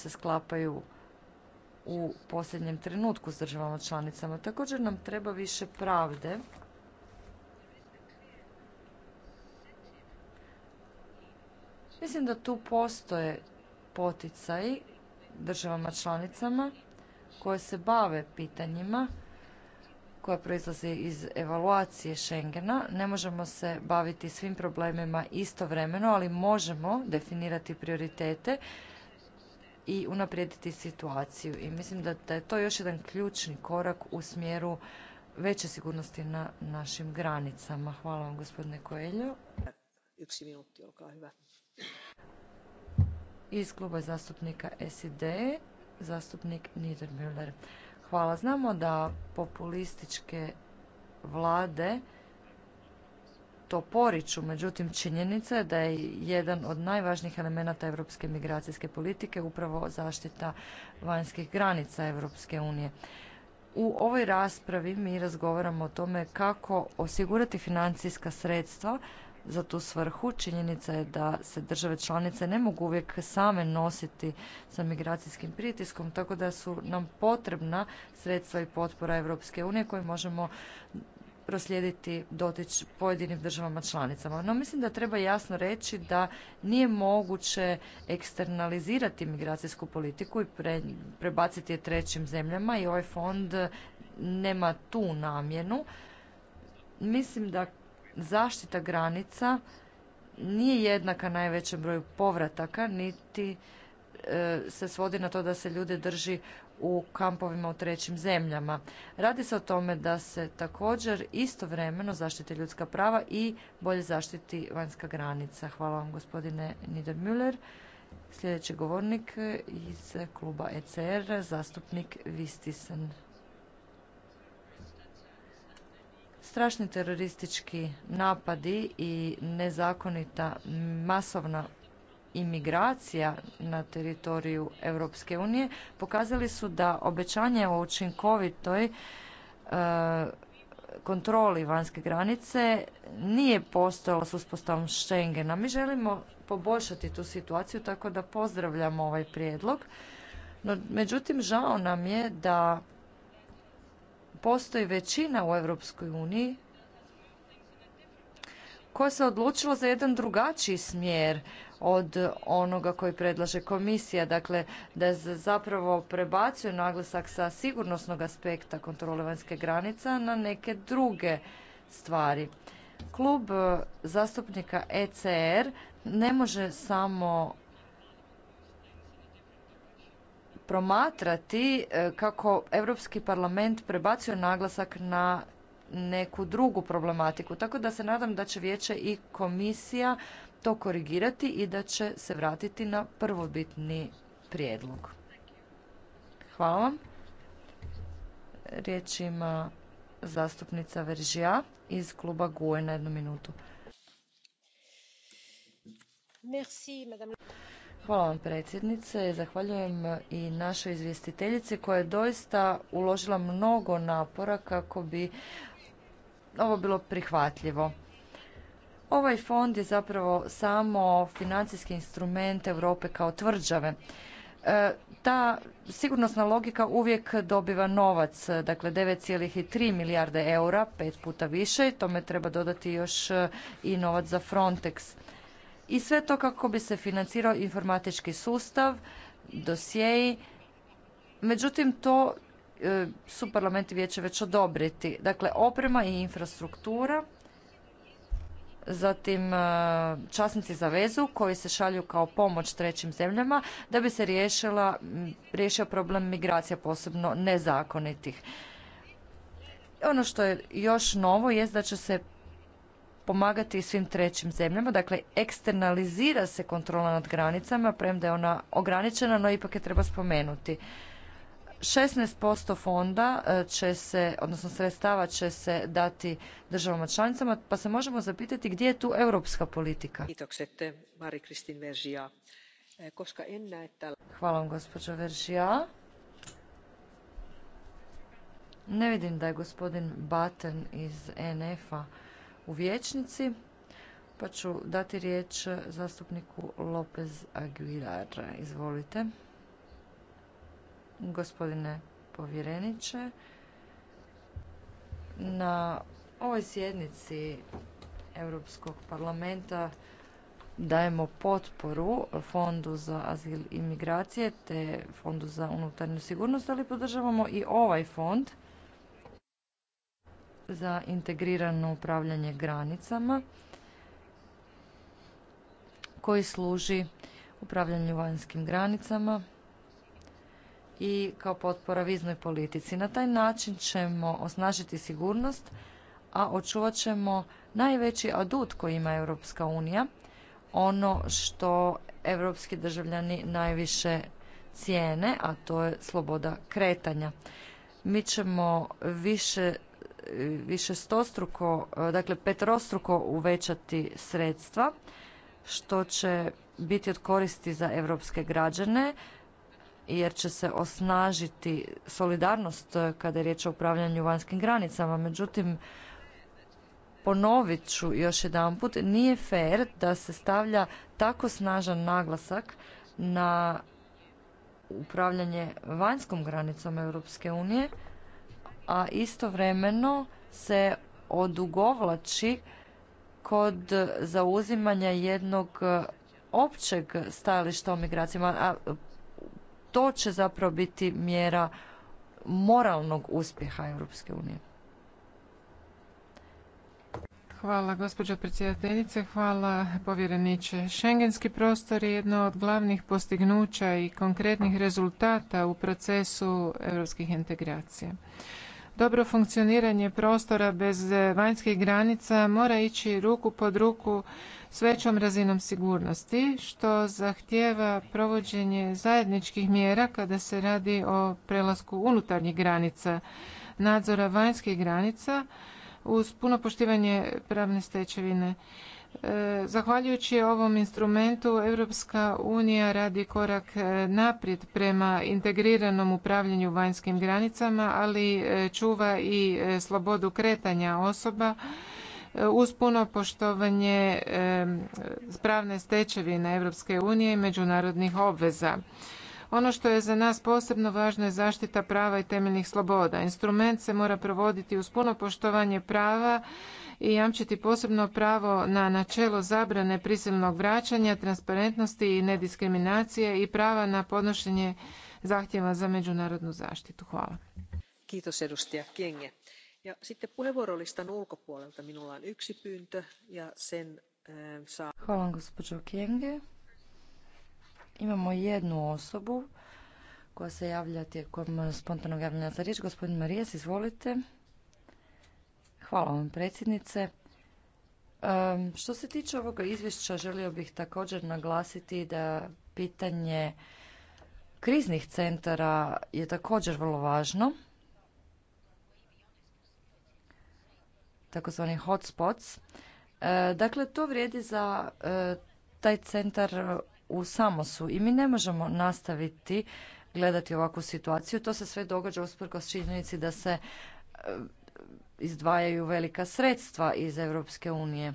se sklapaju u posljednjem trenutku s državama članicama. Također nam treba više pravde Mislim da tu postoje poticaji državama članicama koje se bave pitanjima koja proizlaze iz evaluacije Schengena. Ne možemo se baviti svim problemima istovremeno, ali možemo definirati prioritete i unaprijediti situaciju. I mislim da, je to još jedan ključni korak u smjeru veće sigurnosti na našim granicama. Hvala vam gospodine Koeljo. Iz kluba zastupnika SID, zastupnik Niedermüller. Hvala. Znamo da populističke vlade to poriču, međutim činjenica je da je jedan od najvažnijih elemenata europske migracijske politike upravo zaštita vanjskih granica Europske unije. U ovoj raspravi mi razgovaramo o tome kako osigurati financijska sredstva za tu svrhu. Činjenica je da se države članice ne mogu uvijek same nositi sa migracijskim pritiskom, tako da su nam potrebna sredstva i potpora Europske unije koje možemo proslijediti dotič pojedinim državama članicama. No mislim da treba jasno reći da nije moguće eksternalizirati migracijsku politiku i prebaciti je trećim zemljama i ovaj fond nema tu namjenu. Mislim da zaštita granica nije jednaka najvećem broju povrataka niti e, se svodi na to da se ljude drži u kampovima u trećim zemljama. Radi se o tome da se također istovremeno zaštite ljudska prava i bolje zaštiti vanjska granica. Hvala vam gospodine Niedermüller. Sljedeći govornik iz kluba ECR, zastupnik Vistisen. Strašni teroristički napadi i nezakonita masovna imigracija na teritoriju Europske unije pokazali su da obećanje o učinkovitoj e, kontroli vanjske granice nije postojalo s uspostavom Schengena. Mi želimo poboljšati tu situaciju tako da pozdravljamo ovaj prijedlog. No, međutim, žao nam je da postoji većina u Europskoj uniji koja se odlučila za jedan drugačiji smjer od onoga koji predlaže komisija. Dakle, da zapravo prebacuje naglasak sa sigurnosnog aspekta kontrole vanjske granica na neke druge stvari. Klub e, zastupnika ECR ne može samo promatrati e, kako Europski parlament prebacuje naglasak na neku drugu problematiku. Tako da se nadam da će vijeće i komisija to korigirati i da će se vratiti na prvobitni prijedlog. Hvala vam. Riječ ima zastupnica Veržija iz kluba GUE na jednu minutu. Hvala vam predsjednice. Zahvaljujem i našoj izvjestiteljici koja je doista uložila mnogo napora kako bi ovo bilo prihvatljivo. Ovaj fond je zapravo samo financijski instrument Europe kao tvrđave. E, ta sigurnosna logika uvijek dobiva novac, dakle 9,3 milijarde eura, pet puta više i tome treba dodati još e, i novac za Frontex. I sve to kako bi se financirao informatički sustav, dosjeji. Međutim, to E, su parlamenti i vijeće već odobriti. Dakle, oprema i infrastruktura, zatim e, časnici za vezu koji se šalju kao pomoć trećim zemljama da bi se riješila, riješio problem migracija, posebno nezakonitih. Ono što je još novo je da će se pomagati svim trećim zemljama, dakle eksternalizira se kontrola nad granicama, premda je ona ograničena, no ipak je treba spomenuti. 16% fonda e, će se, odnosno sredstava će se dati državama članicama, pa se možemo zapitati gdje je tu europska politika. E, Hvala vam, gospođo Veržija. Ne vidim da je gospodin Baten iz NF-a u vječnici, pa ću dati riječ zastupniku Lopez Aguilar. Izvolite gospodine povjereniče. Na ovoj sjednici Europskog parlamenta dajemo potporu Fondu za azil i migracije te Fondu za unutarnju sigurnost, ali podržavamo i ovaj fond za integrirano upravljanje granicama koji služi upravljanju vanjskim granicama i kao potpora viznoj politici. Na taj način ćemo osnažiti sigurnost, a očuvat ćemo najveći adut koji ima Europska unija, ono što europski državljani najviše cijene, a to je sloboda kretanja. Mi ćemo više više stostruko, dakle petrostruko uvećati sredstva, što će biti od koristi za europske građane, jer će se osnažiti solidarnost eh, kada je riječ o upravljanju vanjskim granicama. Međutim, ponovit ću još jedanput, nije fair da se stavlja tako snažan naglasak na upravljanje vanjskom granicom Europske unije, a istovremeno se odugovlači kod zauzimanja jednog eh, općeg stajališta o migracijama. A to će zapravo biti mjera moralnog uspjeha Europske unije. Hvala gospođo predsjedateljice, hvala povjereniče. Schengenski prostor je jedno od glavnih postignuća i konkretnih rezultata u procesu europskih integracija. Dobro funkcioniranje prostora bez e, vanjskih granica mora ići ruku pod ruku s većom razinom sigurnosti, što zahtijeva provođenje zajedničkih mjera kada se radi o prelasku unutarnjih granica, nadzora vanjskih granica uz puno poštivanje pravne stečevine Zahvaljujući ovom instrumentu Europska unija radi korak e, naprijed prema integriranom upravljanju vanjskim granicama, ali e, čuva i e, slobodu kretanja osoba uz puno poštovanje pravne stečevine Europske unije i međunarodnih obveza. Ono što je za nas posebno važno je zaštita prava i temeljnih sloboda. Instrument se mora provoditi uz puno poštovanje prava i jamčiti posebno pravo na načelo zabrane prisilnog vraćanja, transparentnosti i nediskriminacije i prava na podnošenje zahtjeva za međunarodnu zaštitu. Hvala. Kiitos edustaja Ja ulkopuolelta yksi pyyntö ja sen eh, Hvala gospođo Imamo jednu osobu koja se javlja tijekom spontanog javljanja za riječ. Gospodin Marijas, izvolite. Hvala vam, predsjednice. što se tiče ovoga izvješća, želio bih također naglasiti da pitanje kriznih centara je također vrlo važno. Takozvani hotspots. dakle, to vrijedi za e, taj centar u samosu i mi ne možemo nastaviti gledati ovakvu situaciju. To se sve događa usprkos činjenici da se e, izdvajaju velika sredstva iz Europske unije.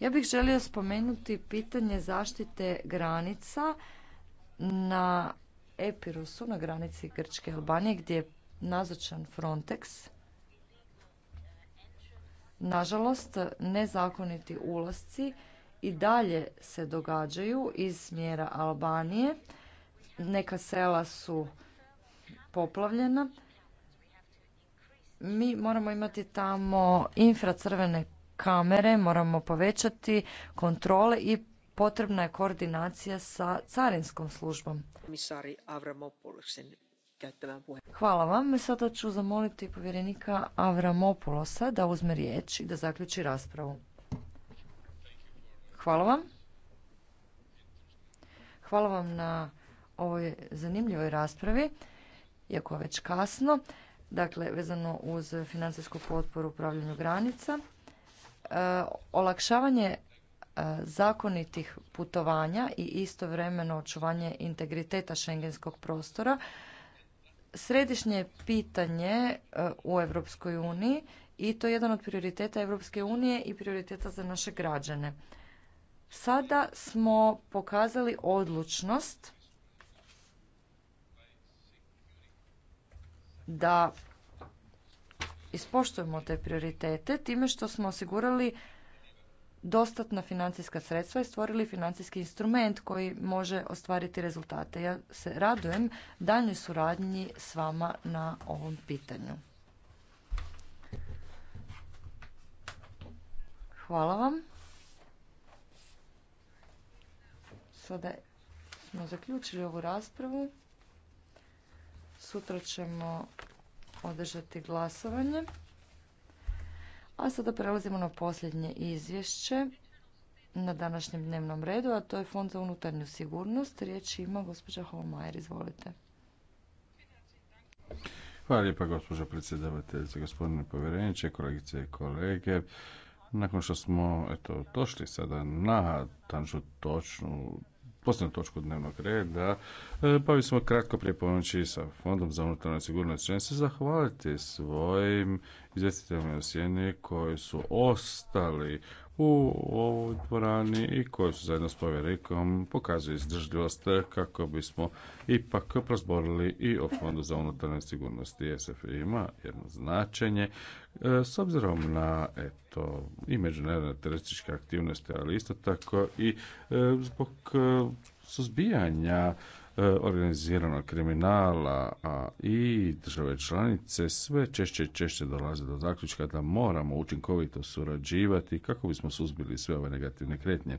Ja bih želio spomenuti pitanje zaštite granica na Epirusu, na granici Grčke i Albanije, gdje je nazočan Frontex. Nažalost, nezakoniti ulasci i dalje se događaju iz smjera Albanije. Neka sela su poplavljena. Mi moramo imati tamo infracrvene kamere, moramo povećati kontrole i potrebna je koordinacija sa carinskom službom. Hvala vam. Sada ću zamoliti povjerenika Avramopulosa da uzme riječ i da zaključi raspravu. Hvala vam. Hvala vam na ovoj zanimljivoj raspravi, iako je već kasno. Dakle, vezano uz financijsku potporu upravljanju granica. E, olakšavanje e, zakonitih putovanja i istovremeno očuvanje integriteta šengenskog prostora središnje pitanje e, u Europskoj uniji i to je jedan od prioriteta Europske unije i prioriteta za naše građane. Sada smo pokazali odlučnost da ispoštujemo te prioritete time što smo osigurali dostatna financijska sredstva i stvorili financijski instrument koji može ostvariti rezultate. Ja se radujem daljnjoj suradnji s vama na ovom pitanju. Hvala vam. Sada smo zaključili ovu raspravu. Sutra ćemo održati glasovanje. A sada prelazimo na posljednje izvješće na današnjem dnevnom redu, a to je Fond za unutarnju sigurnost. Riječ ima gospođa Holmajer, izvolite. Hvala lijepa gospođo predsjedavateljice, gospodine povjereniče, kolegice i kolege. Nakon što smo eto, došli sada na tanču točnu posljednju točku dnevnog reda. E, pa Bavi smo kratko prije ponoći sa Fondom za unutarnju sigurnost. Želim se zahvaliti svojim izvestiteljima i Sjeni koji su ostali u ovoj dvorani i koji su zajedno s povjerikom pokazuju izdržljivost kako bismo ipak prozborili i o Fondu za unutarnje sigurnosti SF ima jedno značenje e, s obzirom na eto i međunarodne terorističke aktivnosti, ali isto tako i e, zbog e, suzbijanja E, organiziranog kriminala a i države članice sve češće i češće dolaze do zaključka da moramo učinkovito surađivati kako bismo suzbili sve ove negativne kretnje.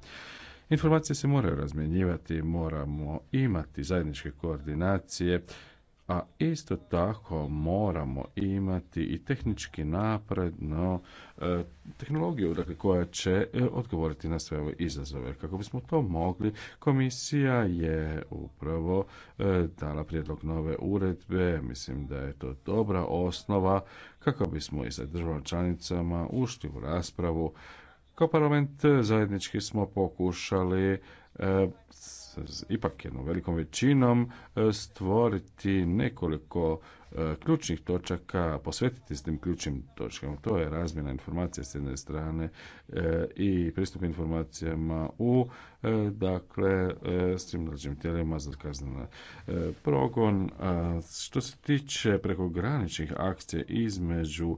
Informacije se moraju razmjenjivati, moramo imati zajedničke koordinacije a isto tako moramo imati i tehnički napredno e, tehnologiju dakle, koja će e, odgovoriti na sve ove izazove. Kako bismo to mogli, komisija je upravo e, dala prijedlog nove uredbe, mislim da je to dobra osnova kako bismo i sa državom članicama ušli u raspravu. Kao parlament zajednički smo pokušali ipak jednom velikom većinom e, stvoriti nekoliko e, ključnih točaka, posvetiti s tim ključnim točkama. To je razmjena informacija s jedne strane e, i pristup informacijama u E, dakle e, s tim nadležnim tijelima za kaznena e, progon. Što se tiče prekograničnih akcija između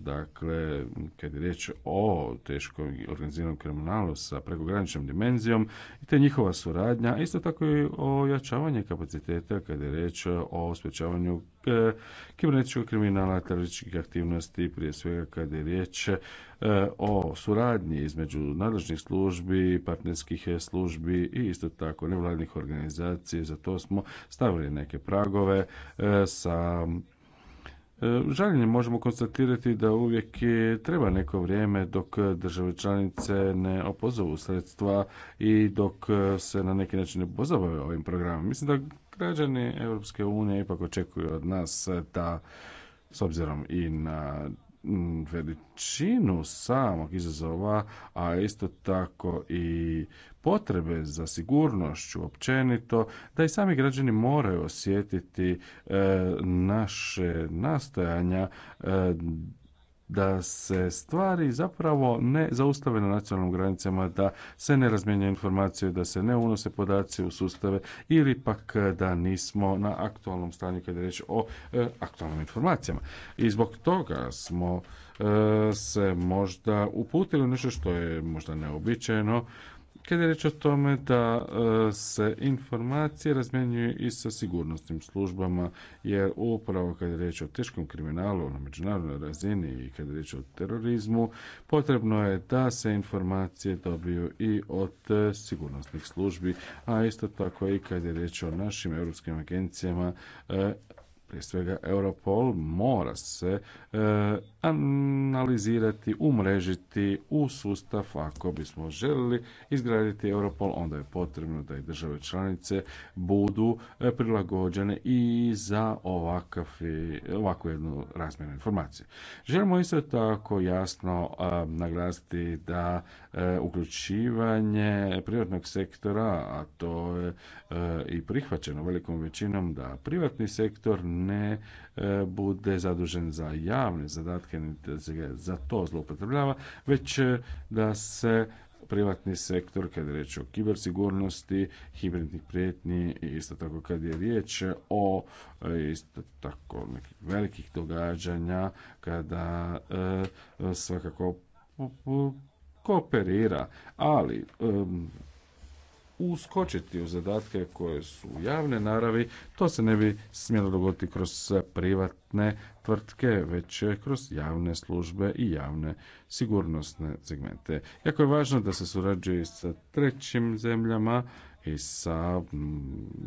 dakle kad je riječ o teškom organiziranom kriminalu sa prekograničnom dimenzijom i te njihova suradnja, isto tako i ojačavanje kapaciteta kad je riječ o sprječavanju kibernetičkog kriminala, terorističkih aktivnosti, prije svega kad je riječ o suradnji između nadležnih službi, partnerskih službi i isto tako nevladnih organizacija. Za to smo stavili neke pragove e, sa e, Žaljenje možemo konstatirati da uvijek treba neko vrijeme dok države članice ne opozovu sredstva i dok e, se na neki način ne pozabave ovim programom. Mislim da građani Europske unije ipak očekuju od nas da s obzirom i na veličinu samog izazova, a isto tako i potrebe za sigurnošću općenito, da i sami građani moraju osjetiti e, naše nastojanja e, da se stvari zapravo ne zaustave na nacionalnim granicama, da se ne razmjenjuje informacije, da se ne unose podaci u sustave ili pak da nismo na aktualnom stanju kada je riječ o e, aktualnim informacijama. I zbog toga smo e, se možda uputili nešto što je možda neobičajeno, kada je riječ o tome da e, se informacije razmjenjuju i sa sigurnosnim službama, jer upravo kada je riječ o teškom kriminalu na međunarodnoj razini i kada je riječ o terorizmu, potrebno je da se informacije dobiju i od e, sigurnosnih službi, a isto tako i kada je riječ o našim europskim agencijama e, prije svega Europol mora se e, analizirati, umrežiti u sustav ako bismo željeli izgraditi Europol, onda je potrebno da i države članice budu e, prilagođene i za ovakav, e, ovakvu jednu razmjenu informacije. Želimo isto tako jasno naglasiti da uključivanje privatnog sektora, a to je i prihvaćeno velikom većinom da privatni sektor ne e, bude zadužen za javne zadatke, za to zloupotrebljava, već e, da se privatni sektor kad je riječ o kibersigurnosti, hibridnih prijetnji i isto tako kad je riječ o e, isto tako nekih velikih događanja kada svakako kooperira, ali uskočiti u zadatke koje su javne naravi, to se ne bi smjelo dogoditi kroz privatne tvrtke, već kroz javne službe i javne sigurnosne segmente. Jako je važno da se surađuje sa trećim zemljama, i sa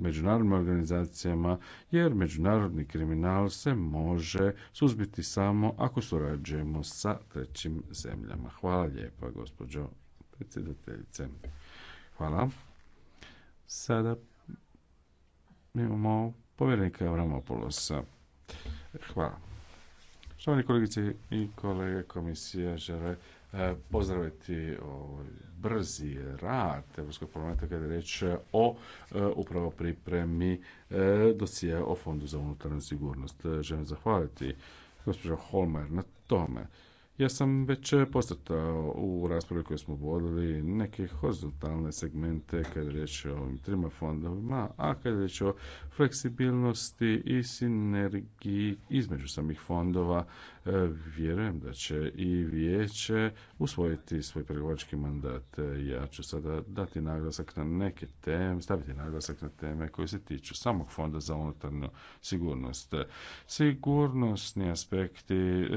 međunarodnim organizacijama, jer međunarodni kriminal se može suzbiti samo ako surađujemo sa trećim zemljama. Hvala lijepa, gospođo predsjedateljice. Hvala. Sada imamo povjerenika Avramopoulosa. Hvala. Štovani kolegice i kolege komisije žele e, pozdraviti ovaj brzi rad evropskog parlamenta kada je riječ o e, upravo pripremi e, dosije o Fondu za unutarnju sigurnost. Želim zahvaliti gospođo Holmer na tome. Ja sam već e, postatao u raspravi koju smo vodili neke horizontalne segmente kada je riječ o ovim trima fondovima, a kada je riječ o fleksibilnosti i sinergiji između samih fondova E, vjerujem da će i vijeće usvojiti svoj pregovarački mandat. E, ja ću sada dati naglasak na neke teme, staviti naglasak na teme koje se tiču samog fonda za unutarnju sigurnost. Sigurnosni aspekti e,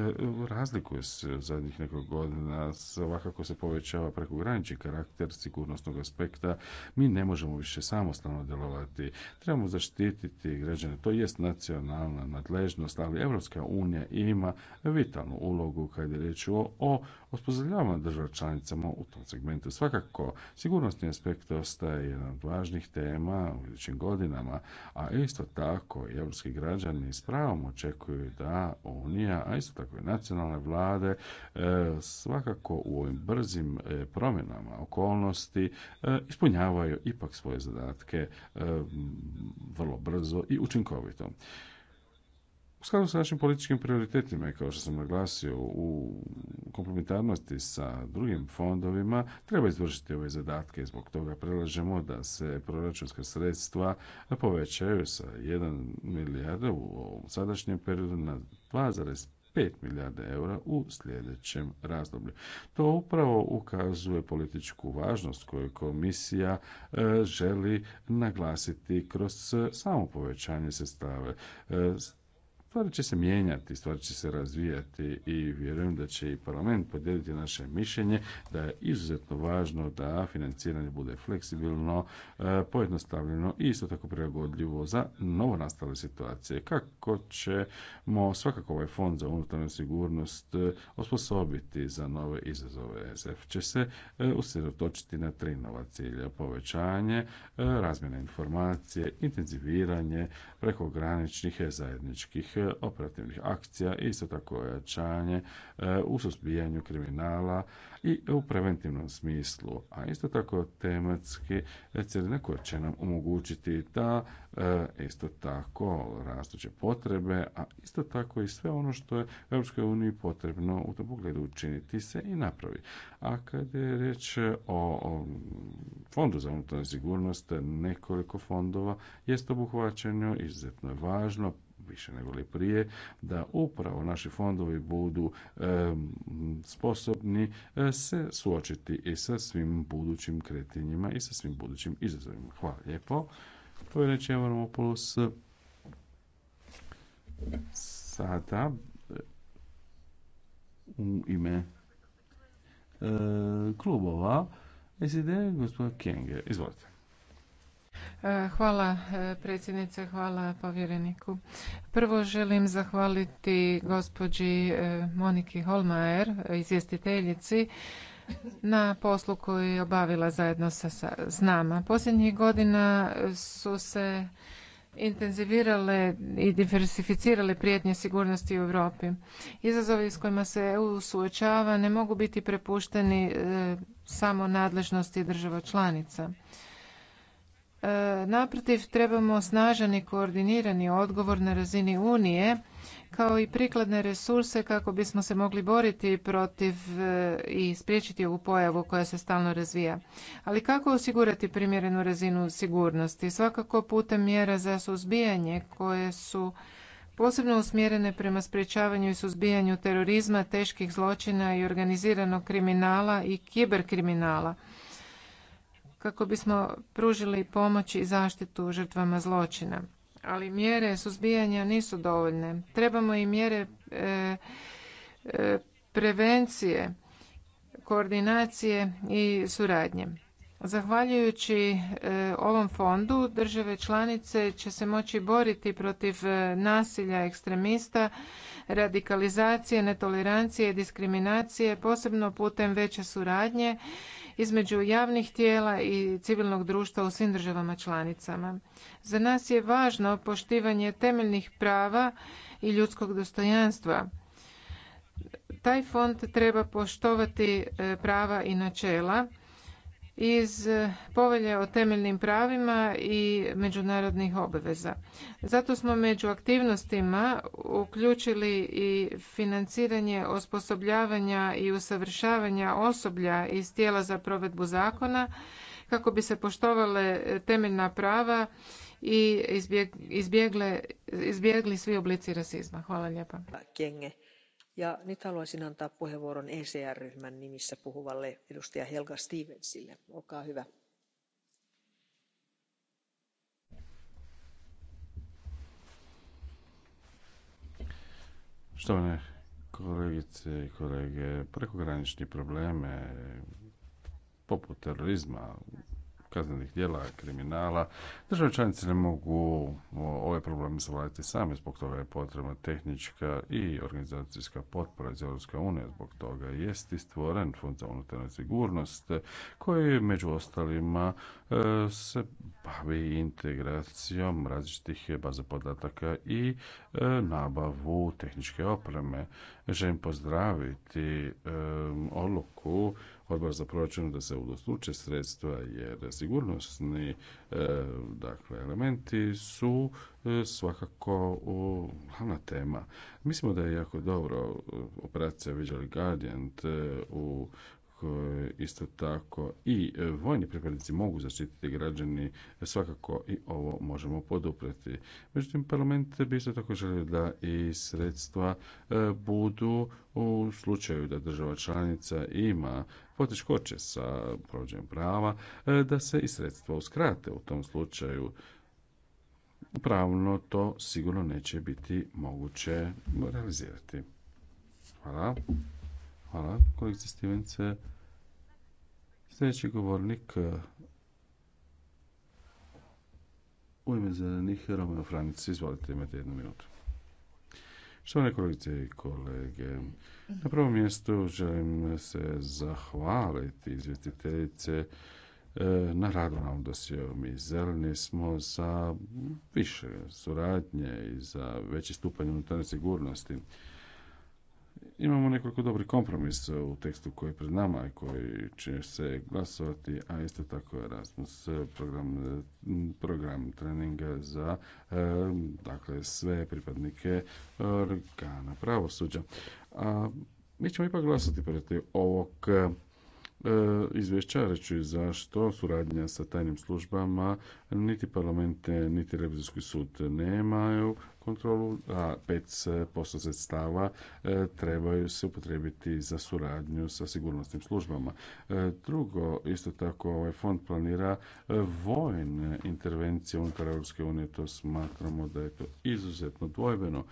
razlikuju se u zadnjih nekoliko godina, svakako se povećava prekogranični karakter sigurnosnog aspekta. Mi ne možemo više samostalno djelovati. Trebamo zaštititi građane. To jest nacionalna nadležnost, ali Europska unija ima vitalnu ulogu kad je riječ o, o osposobljavanju država članicama u tom segmentu. Svakako, sigurnosni aspekt ostaje jedan od važnih tema u idućim godinama, a isto tako i europski građani s pravom očekuju da Unija, a isto tako i nacionalne vlade, e, svakako u ovim brzim e, promjenama okolnosti e, ispunjavaju ipak svoje zadatke vrlo brzo i učinkovito. U skladu sa našim političkim prioritetima i kao što sam naglasio u komplementarnosti sa drugim fondovima treba izvršiti ove zadatke i zbog toga predlažemo da se proračunska sredstva povećaju sa 1 milijarde u ovom sadašnjem periodu na 2,5 5 eura u sljedećem razdoblju. To upravo ukazuje političku važnost koju komisija e, želi naglasiti kroz samo povećanje sredstava. E, Stvari će se mijenjati, stvari će se razvijati i vjerujem da će i parlament podijeliti naše mišljenje da je izuzetno važno da financiranje bude fleksibilno, e, pojednostavljeno i isto tako prilagodljivo za novo nastale situacije. Kako ćemo svakako ovaj fond za unutarnju sigurnost e, osposobiti za nove izazove SF će se e, usredotočiti na tri nova cilja. Povećanje, razmjena informacije, intenziviranje prekograničnih zajedničkih operativnih akcija, isto tako ojačanje e, u suzbijanju kriminala i u preventivnom smislu, a isto tako tematski e, cjeline koje će nam omogućiti da e, isto tako rastuće potrebe, a isto tako i sve ono što je Europskoj uniji potrebno u tom pogledu učiniti se i napravi. A kad je riječ o Fondu za unutarnju sigurnost, nekoliko fondova jest obuhvaćeno, izuzetno je važno, više nego li prije, da upravo naši fondovi budu sposobni e, se suočiti i sa svim budućim kretinjima i sa svim budućim izazovima. Hvala lijepo. Povjereći Sada u ime e, klubova SID gospodin Kenge. Izvolite. E, hvala e, predsjednice, hvala povjereniku. Prvo želim zahvaliti gospođi e, Moniki Holmaer, izvjestiteljici, na poslu koju je obavila zajedno sa, s nama. Posljednjih godina su se intenzivirale i diversificirale prijetnje sigurnosti u Europi. Izazovi s kojima se EU suočava ne mogu biti prepušteni samo nadležnosti država članica. Naprotiv, trebamo snažan i koordinirani odgovor na razini Unije, kao i prikladne resurse kako bismo se mogli boriti protiv e, i spriječiti ovu pojavu koja se stalno razvija. Ali kako osigurati primjerenu razinu sigurnosti? Svakako putem mjera za suzbijanje koje su posebno usmjerene prema sprječavanju i suzbijanju terorizma, teških zločina i organiziranog kriminala i kiberkriminala kako bismo pružili pomoć i zaštitu žrtvama zločina. Ali mjere suzbijanja nisu dovoljne. Trebamo i mjere e, e, prevencije, koordinacije i suradnje. Zahvaljujući e, ovom fondu države članice će se moći boriti protiv e, nasilja ekstremista, radikalizacije, netolerancije diskriminacije, posebno putem veće suradnje između javnih tijela i civilnog društva u svim državama članicama. Za nas je važno poštivanje temeljnih prava i ljudskog dostojanstva. Taj fond treba poštovati e, prava i načela iz e, povelje o temeljnim pravima i međunarodnih obveza. Zato smo među aktivnostima uključili i financiranje osposobljavanja i usavršavanja osoblja iz tijela za provedbu zakona kako bi se poštovale e, temeljna prava i izbjegli svi oblici rasizma. Hvala lijepa ja nyt haluaisin antaa puheenvuoron ecr ryhmän nimissä puhuvalle edustaja helga stevensille olkaa hyvä. Štovane kolegice i kolege, prekogranični probleme poput terorizma, kaznenih djela, kriminala. Države članice ne mogu ove probleme savladati sami, zbog toga je potrebna tehnička i organizacijska potpora iz Europske unije, zbog toga jest i stvoren fond za unutarnju sigurnost koji među ostalima e, se bavi integracijom različitih baza podataka i e, nabavu tehničke opreme. Želim pozdraviti e, odluku odbor za proračun da se udostuče sredstva jer sigurnosni e, dakle, elementi su e, svakako glavna tema. Mislimo da je jako dobro e, operacija Vigil Guardian u isto tako i e, vojni pripadnici mogu zaštititi građani, svakako i ovo možemo podupreti. Međutim, parlament bi isto tako želio da i sredstva e, budu u slučaju da država članica ima poteškoće sa provođenjem prava, e, da se i sredstva uskrate u tom slučaju pravno to sigurno neće biti moguće realizirati. Hvala. Hvala, kolegice Stivence. Sljedeći govornik e, u ime zelenih Romeo Franic. Izvolite, imate jednu minutu. Štovane kolegice i kolege, na prvom mjestu želim se zahvaliti izvjestiteljice e, na radu na ovom Mi zeleni smo za više suradnje i za veći stupanj unutarnje sigurnosti. Imamo nekoliko dobrih kompromisa u tekstu koji je pred nama i koji će se glasovati, a isto tako rasmus e, program, e, program treninga za e, dakle, sve pripadnike organa pravosuđa. A, mi ćemo ipak glasati protiv ovog E, izvješća, reći zašto suradnja sa tajnim službama, niti parlamente, niti revizijski sud nemaju kontrolu, a 5% sredstava e, trebaju se upotrijebiti za suradnju sa sigurnosnim službama. E, drugo, isto tako ovaj fond planira vojne intervencije unutar Europske unije, to smatramo da je to izuzetno dvojbeno.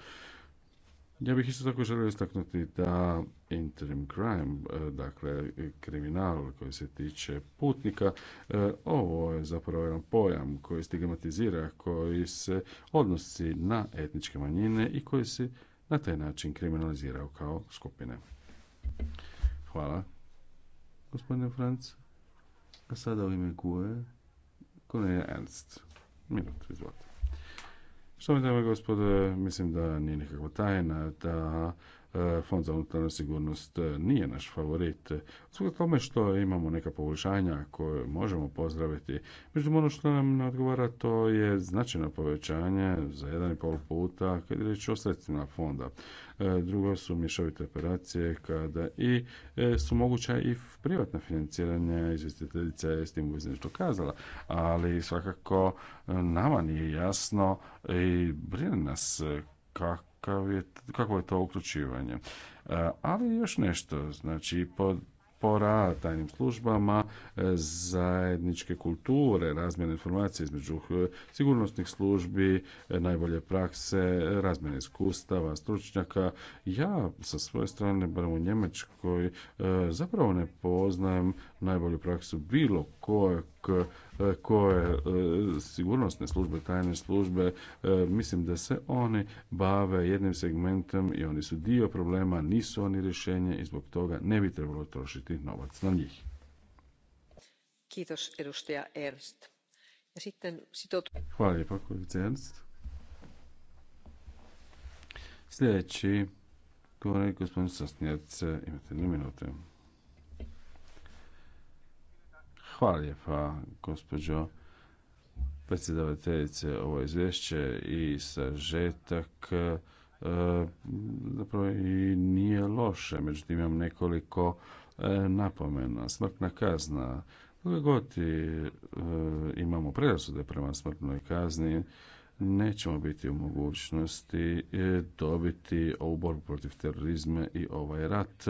Ja bih isto tako želio istaknuti da interim crime, e, dakle kriminal koji se tiče putnika, e, ovo je zapravo jedan pojam koji stigmatizira, koji se odnosi na etničke manjine i koji se na taj način kriminalizirao kao skupine. Hvala, gospodine Franc. A sada u ime Gue, Koneja Ernst. Minut, izvolite. Što mi dame gospode, mislim da nije nikakva tajna da Fond za unutarnju sigurnost e, nije naš favorit. Zbog tome što imamo neka poboljšanja koje možemo pozdraviti. Međutim, ono što nam ne odgovara to je značajno povećanje za 1,5 puta kad je riječ o sredstvima fonda. E, drugo su mješovite operacije kada i e, su moguća i privatna financiranja. Izvjestiteljica je s tim uvijek nešto kazala, ali svakako nama nije jasno i brine nas kako kakvo je to uključivanje. E, ali još nešto, znači po tajnim službama e, zajedničke kulture, razmjene informacije između sigurnosnih službi, e, najbolje prakse, razmjene iskustava, stručnjaka. Ja sa svoje strane, barem u Njemačkoj, zapravo ne poznajem najbolju praksu bilo kojeg E, koje e, sigurnosne službe, tajne službe, e, mislim da se oni bave jednim segmentom i oni su dio problema, nisu oni rješenje i zbog toga ne bi trebalo trošiti novac na njih. Hvala lijepa, kolegice Ernst. Sljedeći govornik, gospodin imate dvije minute. Hvala lijepa, gospođo predsjedavateljice. Ovo izvješće i sažetak e, zapravo i nije loše, međutim imam nekoliko e, napomena. Smrtna kazna. Koga god e, imamo predrasude prema smrtnoj kazni, nećemo biti u mogućnosti dobiti ovu borbu protiv terorizma i ovaj rat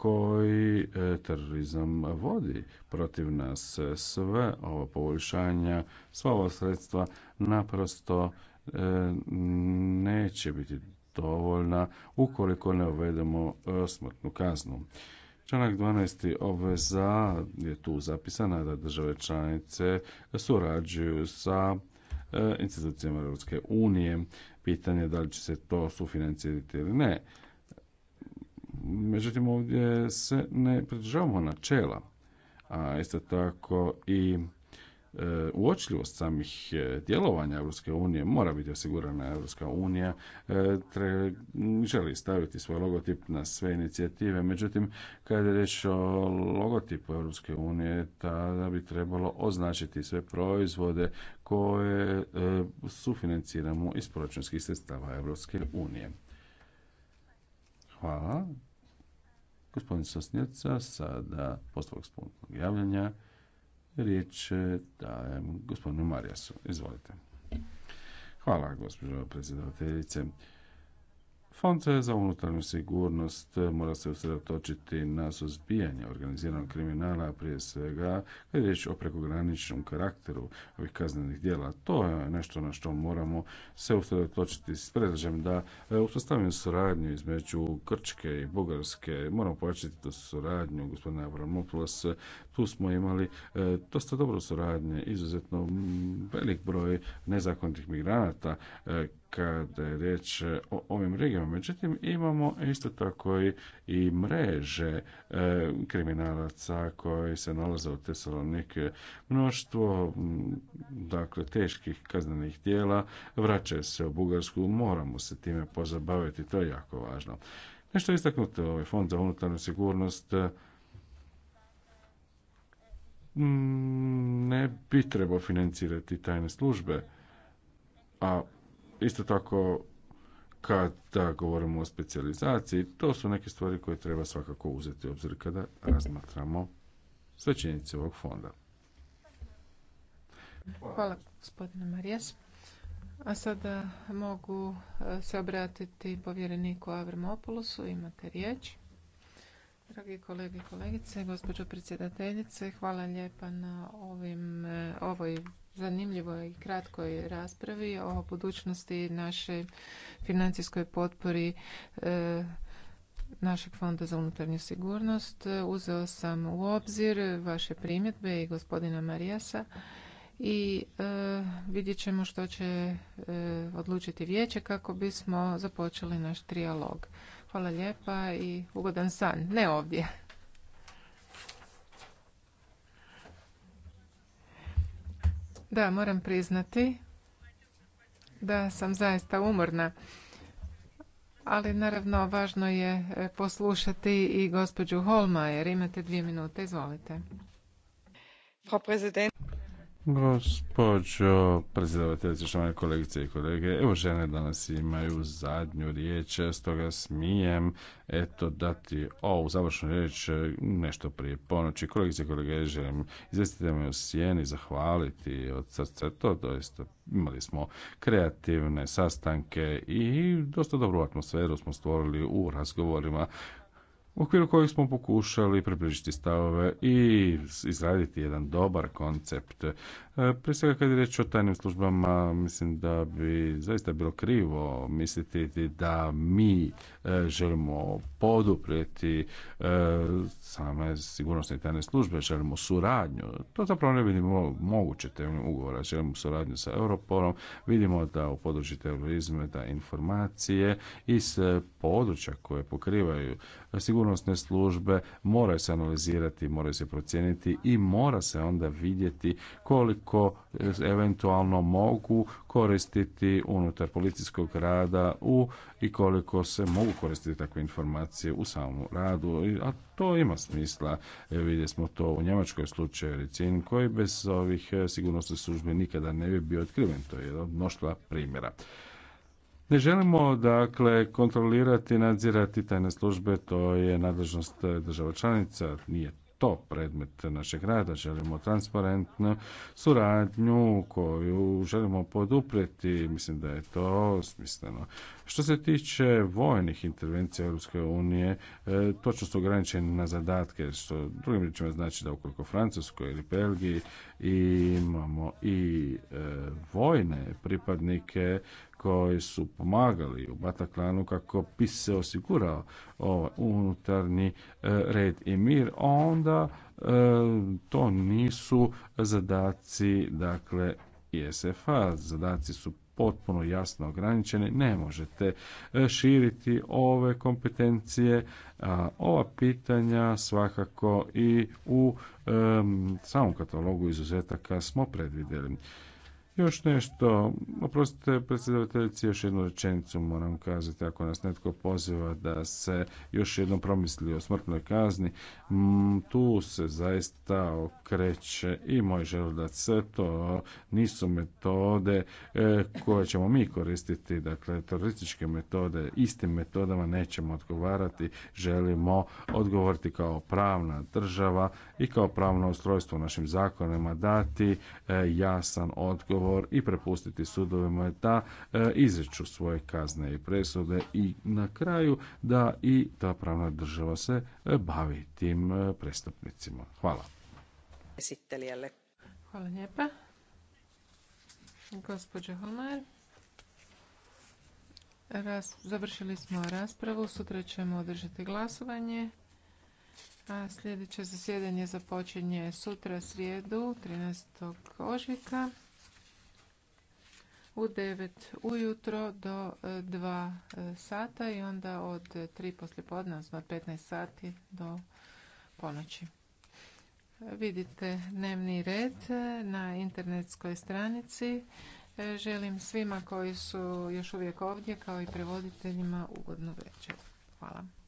koji e, terorizam vodi protiv nas. Sve ova poboljšanja, sva ova sredstva naprosto e, neće biti dovoljna ukoliko ne uvedemo e, smrtnu kaznu. Članak 12. obveza je tu zapisana da države članice surađuju sa institucijama Europske unije. Pitanje je da li će se to sufinancirati ili ne. Međutim, ovdje se ne pridržavamo načela, a isto tako i e, uočljivost samih e, djelovanja Europske unije mora biti osigurana Europska unija e, tre, želi staviti svoj logotip na sve inicijative međutim kada je riječ o logotipu Europske unije tada bi trebalo označiti sve proizvode koje sufinanciramo iz proračunskih sredstava Europske unije Hvala. Gospodin Sosnjeca, sada postupak spontnog javljanja, riječ dajem gospodinu Marijasu. Izvolite. Hvala, gospođo predsjedavateljice. Fond za unutarnju sigurnost mora se usredotočiti na suzbijanje organiziranog kriminala, prije svega kad je riječ o prekograničnom karakteru ovih kaznenih djela. To je nešto na što moramo se usredotočiti. s Predlažem da e, uspostavimo suradnju između Krčke i Bugarske. Moramo početi tu suradnju, gospodine Avramopulos. Tu smo imali e, dosta dobro suradnje, izuzetno velik broj nezakonitih migranata e, kada je riječ e, o ovim regijama. Međutim, imamo isto tako i, mreže kriminalaca koji se nalaze u salonike Mnoštvo dakle, teških kaznenih dijela vraća se u Bugarsku. Moramo se time pozabaviti, to je jako važno. Nešto je istaknuto, ovaj fond za unutarnju sigurnost Mm, ne bi trebao financirati tajne službe. A isto tako kada govorimo o specijalizaciji, to su neke stvari koje treba svakako uzeti u obzir kada razmatramo sve činjenice ovog fonda. Hvala gospodine Marijes. A sada mogu se obratiti povjereniku Avramopoulosu, imate riječ. Dragi kolege i kolegice, gospođo predsjedateljice, hvala lijepa na ovim, e, ovoj zanimljivoj i kratkoj raspravi o budućnosti naše financijskoj potpori e, našeg fonda za unutarnju sigurnost. Uzeo sam u obzir vaše primjedbe i gospodina Marijasa i e, vidjet ćemo što će e, odlučiti vijeće kako bismo započeli naš trijalog. Hvala lijepa i ugodan san. Ne ovdje. Da, moram priznati da sam zaista umorna. Ali naravno važno je e, poslušati i gospođu jer Imate dvije minute, izvolite. Frau Gospođo predsjedavateljice, štovane kolegice i kolege, evo žene danas imaju zadnju riječ, stoga smijem eto dati ovu završnu riječ nešto prije ponoći. Kolegice i kolege, želim izvestiteljima u sjeni zahvaliti od srca to, doista imali smo kreativne sastanke i dosta dobru atmosferu smo stvorili u razgovorima u okviru kojeg smo pokušali približiti stavove i izraditi jedan dobar koncept E, prije svega kad je riječ o tajnim službama, mislim da bi zaista bilo krivo misliti da mi e, želimo poduprijeti e, same sigurnosne tajne službe, želimo suradnju. To zapravo ne vidimo moguće temeljem ugovora. Želimo suradnju sa Europolom. Vidimo da u području terorizme, da informacije iz područja koje pokrivaju sigurnosne službe moraju se analizirati, moraju se procijeniti i mora se onda vidjeti koliko koliko eventualno mogu koristiti unutar policijskog rada u i koliko se mogu koristiti takve informacije u samom radu, a to ima smisla. E, vidjeli smo to u Njemačkoj slučaju Ricin, koji bez ovih e, sigurnosnih službi nikada ne bi bio otkriven. To je jedan od mnoštva primjera. Ne želimo dakle kontrolirati, nadzirati tajne službe, to je nadležnost e, država članica, nije to predmet našeg rada. Želimo transparentnu suradnju koju želimo poduprijeti. Mislim da je to smisleno. Što se tiče vojnih intervencija Europske unije, e, točno su ograničeni na zadatke, što drugim riječima znači da ukoliko Francuskoj ili Belgiji imamo i e, vojne pripadnike koji su pomagali u Bataklanu kako bi se osigurao ovaj unutarnji e, red i mir, onda e, to nisu zadaci dakle ISF-a, zadaci su potpuno jasno ograničeni, ne možete e, širiti ove kompetencije, a ova pitanja svakako i u samom katalogu izuzetaka smo predvidjeli. Još nešto, oprostite predsjedavateljici, još jednu rečenicu moram kazati, ako nas netko poziva da se još jednom promisli o smrtnoj kazni, mm, tu se zaista okreće i moj želudac sve to nisu metode e, koje ćemo mi koristiti, dakle terorističke metode, istim metodama nećemo odgovarati, želimo odgovoriti kao pravna država i kao pravno ustrojstvo u našim zakonima dati e, jasan odgovor i prepustiti sudovima da e, izreču svoje kazne i presude i na kraju da i ta pravna država se e, bavi tim e, prestupnicima. Hvala. Hvala Homar. završili smo raspravu. Sutra ćemo održati glasovanje. A sljedeće zasjedanje započinje sutra srijedu 13. ožujka u 9 ujutro do 2 e, e, sata i onda od 3 poslijepodne, odnosno od 15 sati do ponoći. Vidite dnevni red e, na internetskoj stranici. Želim svima koji su još uvijek ovdje kao i prevoditeljima ugodnu večer. Hvala.